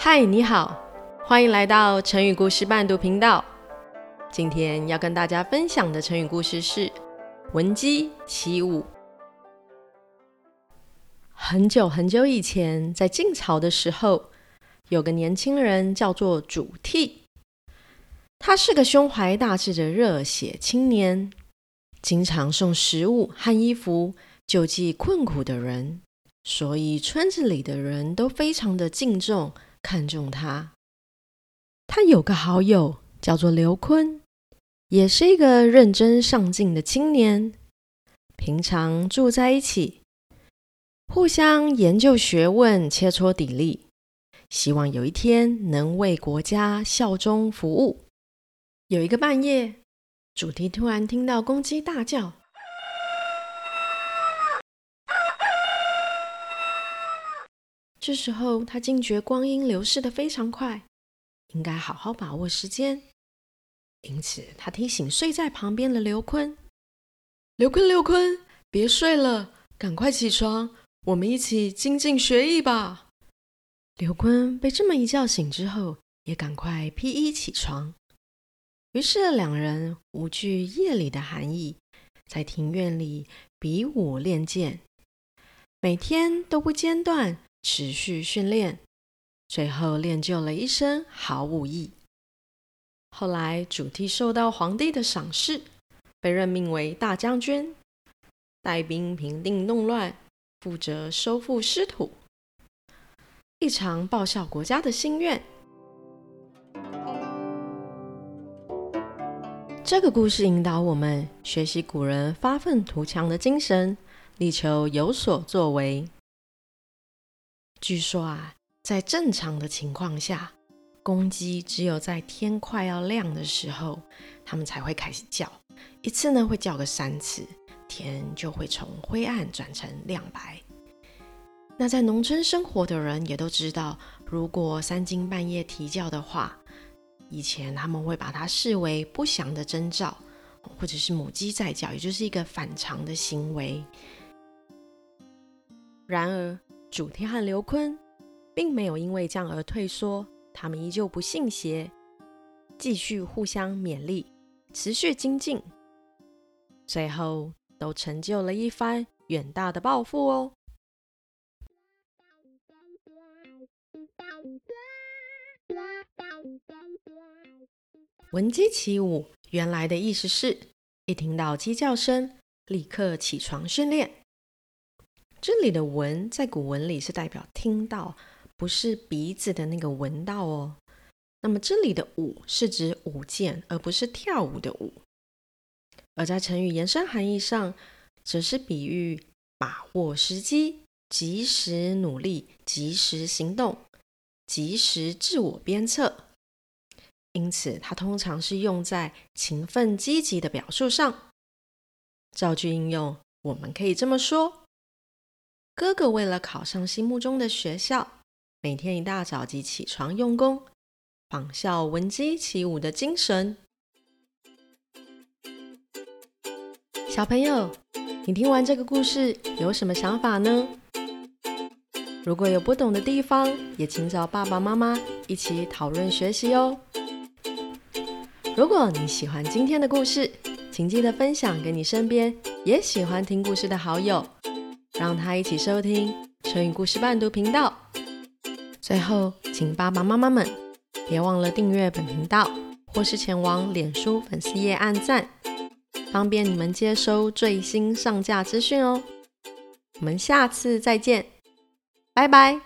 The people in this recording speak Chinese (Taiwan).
嗨，Hi, 你好，歡迎來到成語故事伴讀頻道。今天要跟大家分享的成語故事是“聞雞起舞”。很久很久以前，在晉朝的時候，有個年輕人叫做祖逖，他是個胸懷大志的熱血青年，經常送食物和衣服救濟困苦的人，所以村子裡的人都非常的敬重。看中他。他有個好友叫做劉琨，也是一個認真上進的青年，平常住在一起，互相研究學問，切磋砥礪，希望有一天能為國家效忠服務。有一個半夜，祖逖突然聽到公雞大叫。這時候，他驚覺光陰流逝得非常快，應該好好把握時間。因此，他提醒睡在旁邊的劉琨：“劉琨，劉琨，別睡了，趕快起床，我們一起精進學藝吧。”劉琨被這麼一叫醒之後，也趕快披衣起床。於是，兩人無懼夜裡的寒意，在庭院裡比武練劍，每天都不間斷。持續訓練，最後練就了一身好武藝。後來，祖逖受到皇帝的賞識，被任命為大將軍，帶兵平定動亂，負責收復失土，一償報效國家的心願。這個故事引導我們學習古人發憤圖強的精神，力求有所作為。據說啊，在正常的情況下，公雞只有在天快要亮的時候，它們才會開始叫。一次呢，會叫個三次，天就會從灰暗轉成亮白。那在農村生活的人也都知道，如果三更半夜啼叫的話，以前他們會把它視為不祥的徵兆，或者是母雞在叫，也就是一個反常的行為。然而。祖逖和劉琨並沒有因為這樣而退縮，他們依舊不信邪，繼續互相勉勵，持續精進，最後都成就了一番遠大的抱負哦。聞雞起舞，原來的意思是一聽到雞叫聲，立刻起床訓練。這裡的「聞」在古文裡是代表聽到，不是鼻子的那個聞到哦。那麼這裡的「舞」是指舞劍，而不是跳舞的「舞」。而在成語延伸含義上，則是比喻把握時機、及時努力、及時行動、及時自我鞭策。因此，它通常是用在勤奮積極的表述上。造句應用，我們可以這麼說。哥哥為了考上心目中的學校，每天一大早就起床用功，仿效聞雞起舞的精神。小朋友，你聽完這個故事有什麼想法呢？如果有不懂的地方，也請找爸爸媽媽一起討論學習哦。如果你喜歡今天的故事，請記得分享給你身邊也喜歡聽故事的好友。讓他一起收聽成語故事伴讀頻道。最後，請爸爸媽媽們別忘了訂閱本頻道，或是前往臉書粉絲頁按讚，方便你們接收最新上架資訊哦。我們下次再見，拜拜。